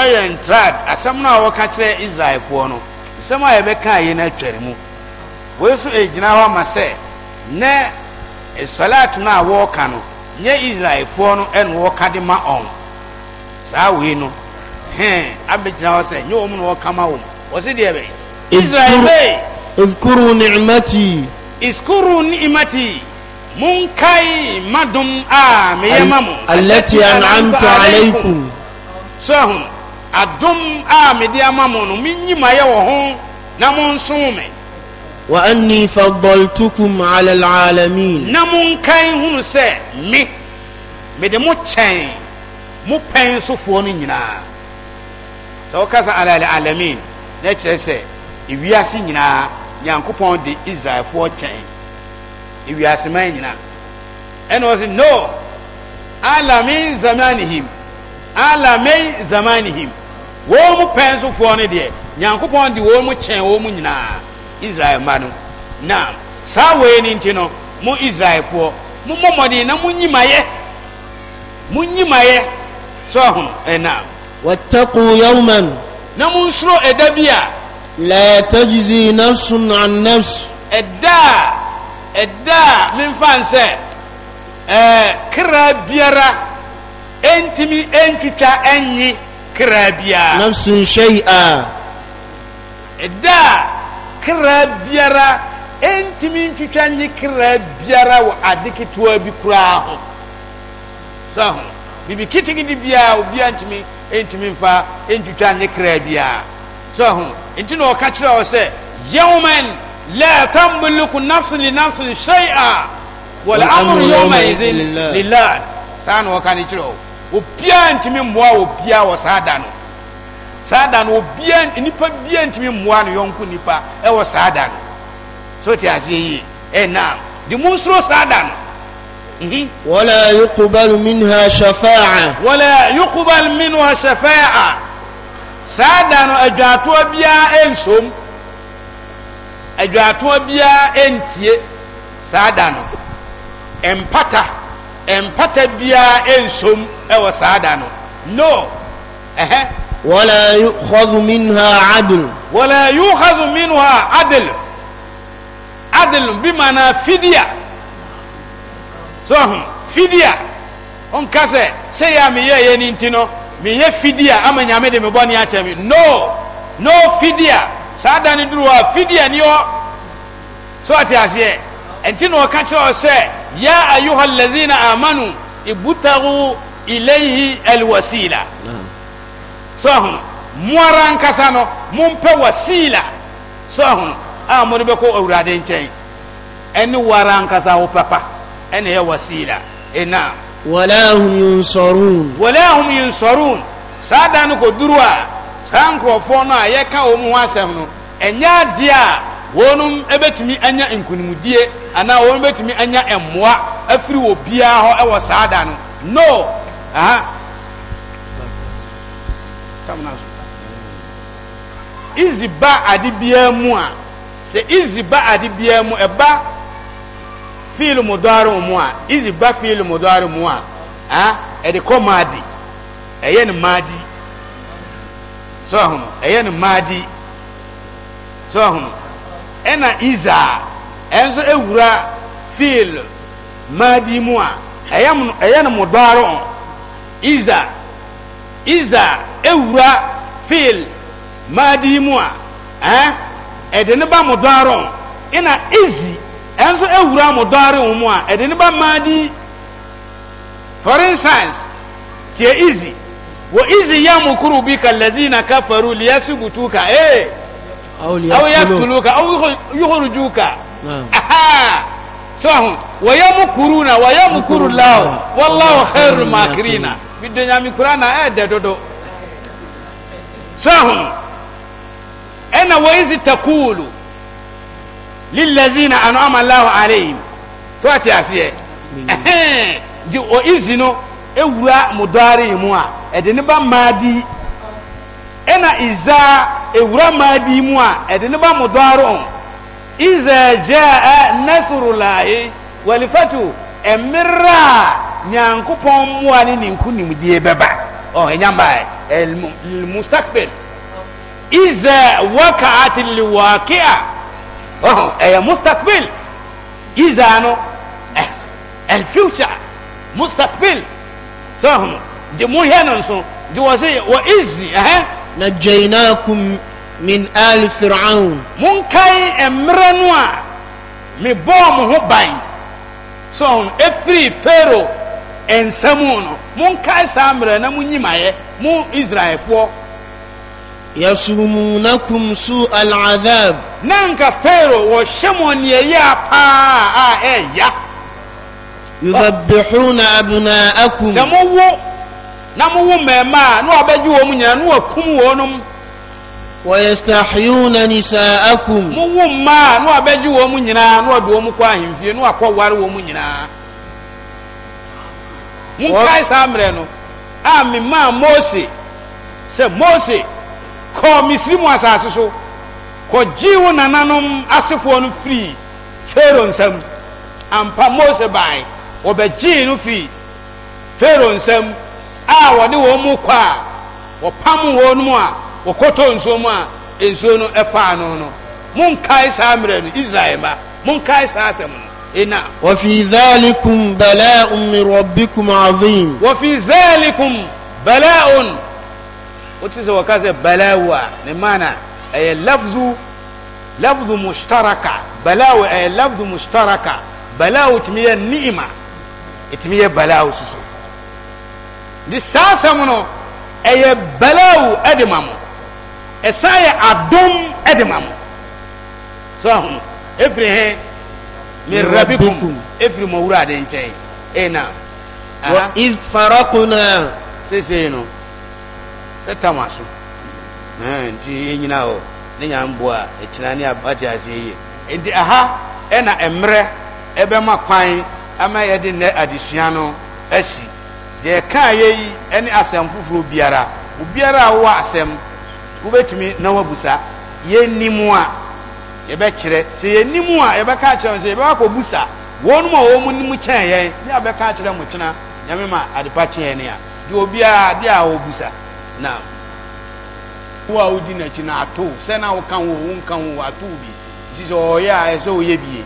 yɛ ntrad asɛm no a wɔka kyerɛ israelfoɔ no nsɛm a yɛbɛka yi no atware mu wei so ɛgyina hɔ ama sɛ nɛ salat no a wɔreka no nyɛ israelfoɔ no ɛne wɔka de ma ɔn saa wei no hɛn abɛgyina hɔ sɛ nyɛ wɔn na wɔka ma wɔn wɔsi deɛ bɛyɛ israel bɛyɛ iskuru ni'mati iskuru ni'mati munkai madum a meyɛ ma mo alati an'amtu alaykum sɔhun adom a mede ama mo no mennyimaeɛ wɔ ho na monso mena monkan hunu sɛ me mede mo kyɛn mo pɛn sofoɔ no nyinaa sɛ woka sa alalalamin na ɛkyerɛ sɛ ɛwiase nyinaa nyankopɔn de israelfoɔ kyɛn awiasemma n nyinaa ɛn ɔ se no alame amanihim alame zamanihim wɔ mo pɛ sofoɔ no deɛ nyankopɔn de wɔ mo kyɛn wɔ mo nyinaa israel mma no nam saa wɔyi no nti no mo israelfoɔ mommɔmɔde na monyimayɛ monyimaeɛ sɛ hono na ta yman na monsuro ɛda bi a lati nas an nas ɛdaa ɛdaa memfane sɛ kra biara ɛntimi ɛntwitwa ɛnye ɛda kra biara ɛntimi ntwitwa nye kra biara wɔ adeketeaa bi koraa ho sa h biibi ke tege nebiara obia ntimi ntimi mfa ntwitwa nnye kra biar sa h nti ne ɔwɔka kyerɛ hɔ sɛ yaman la tabuloku nafse lenafsin sia wal amryiil saa n wɔka ne kyerɛ ɔ obiara ntumi mmoa obiara wɔ saa da no saa da no obiara nipa biara ntumi mmoa no yɔnko nipa ɛwɔ saa da no so te aseɛ yie ɛnam de mu nsoro saa da no. ولا يقبل منها شفاعة ولا يقبل منها شفاعة سادا نو ادواتو بيا انسوم ادواتو بيا انتيه سادا نو ɛmpata biara ɛnsom ɛwɔ saa da no noɛhɛd wala yoazo minha adel adl bi maana fidia so ah fidia ɔnka sɛ sɛyɛ a meyɛyɛ ne nti no meyɛ fidia ama nyame de mebɔne akyɛ me no no fidia saa da no duruhɔa fidia neɛ hɔ sɛ ɔti aseɛ ɛnti na ɔka kyerɛ wɔ sɛ ya ayuha alazina amano ibtawo ilaihe alwasila sɛ hono mo ara nkasa no mompɛ wasiila sɛ hono a mɔde bɛkɔ awurade nkyɛn ɛne wo arankasa wo pɛpa ɛnɛ ɛyɛ wasiila e, namwala hum yunsɔron saa da no kɔduru a saa nkurɔfoɔ no a yɛka wɔ m ho asɛ hono ɛnyɛ adeɛa wɔnom bɛtumi anya nkonimdie anaa wɔn bɛtumi anya mmoa afiri wɔ biara hɔ wɔ saa da no no aha izi ba ade biara mu a sɛ izi ba adi biara mu ɛba fiili mudɔre mu a izi ba fiili mudɔre mu a ah ɛde kɔ maadi ɛyɛ ne maadi sɔɔ hono ɛyɛ ne maadi sɔɔ ɛna iza ɛnso ewura fiil maadi mu a ɛyɛ mu ɛyɛ no mu dɔɔro iza iza ewura fiil maadi mu a ɛn eh? ɛde ne ba mu dɔɔro ɛna izi ɛnso ewura mu dɔɔro mu a ɛde ne ba maadi for instance tie izi wɔ izi yamukuru bi ka lɛdina kafaru liyasubutu ka ee. Eh! Hey! aw yaqtuluka aw yukhrijuka aha sahum wa yamkuruna wa yamkuru Allah wallahu khairul makirina bidunya mikurana e de dodo sahum ana wa iz taqulu lil ladzina an'ama Allahu alayhim so ati asiye eh ji o izino ewura mudari mu a e de ne ba ɛna isaa ɛwura maa di mu a ɛde ne ba modo aro ɔn isa jaa naserulahi walifatuo ɛmerrɛ a nyankopɔn moa no ninko nimdiɛ bɛba ɔ ɛnyambaɛ lmustakbel isa wakaaatin lwakea ɛyɛ mustakbel isa no alfuture mustakbil sɛh de mohɛ no nso nte wɔ seɛ wɔ esiɛh n firn monkae mmerɛ no a mebɔɔ mo ho bae sɛhn ɛfiri faro nsamu no monkae saa mmerɛ na mo nyimaeɛ mo israelfoɔs s naanka fero wɔhyɛ mɔ neayia paa a ɛɛya na mowo mmarima a na wabɛgye wɔn mu nyinaa na wakum wɔn nom wɔyɛstahyuna nisaakum mowo mmaa na wabɛgye wɔn mu nyinaa na wɔde wɔn kɔ ahemfie na wakɔware wɔn mu nyinaa monkae saa mmerɛ no a memaa mose sɛ mose kɔɔ misiri mu asase so kɔgyee wo nananom asefoɔ no firii fero nsam ampa mose bae wɔbɛgyee no firii fero nsam a wɔde wɔn mu kɔ a wɔpam wɔn mu a wɔkɔtɔ nsuo mu a nsuo no ɛpaa no no monkae saa mmerɛ no israel ma monkae saa asɛm no ɛna وفي ذلكم بلاء من ربكم عظيم وفي ذلكم بلاء وتسي وكذا بلاوة لمعنى أي لفظ لفظ مشتركة بلاوة أي لفظ مشتركة بلاوة تمية النعمة تمية بلاوة سسو de saa asɛm no ɛyɛ balawu ɛde ma mo ɛsan yɛ adom ɛde ma mo so efiri efiri mo wura de nkyɛn so nti hɔ ne a ɛkyina ne abate aseɛ yie nti aha ɛna mmerɛ ɛbɛma kwan ama yɛde deɛ ɛkaa yɛ yi ne asɛm foforɔ biara obiara a wowɔ asɛm wobɛtumi na woabusa yɛnnim a yɛbɛkyerɛ sɛ yɛnim a yɛbɛka akyerɛ no sɛ yɛbɛwakɔbusa wɔnom a wɔn mu nim kyɛn yɛn ne abɛka akyerɛ mo kyena nyame ma adepa kyɛn ne a deɛ obiara deɛ a wɔbusa na wo a wodi n'akyi na ato sɛ na woka wo wo nka wo ato bi nti sɛ ɔyɛ a ɛsɛ ɔyɛ bie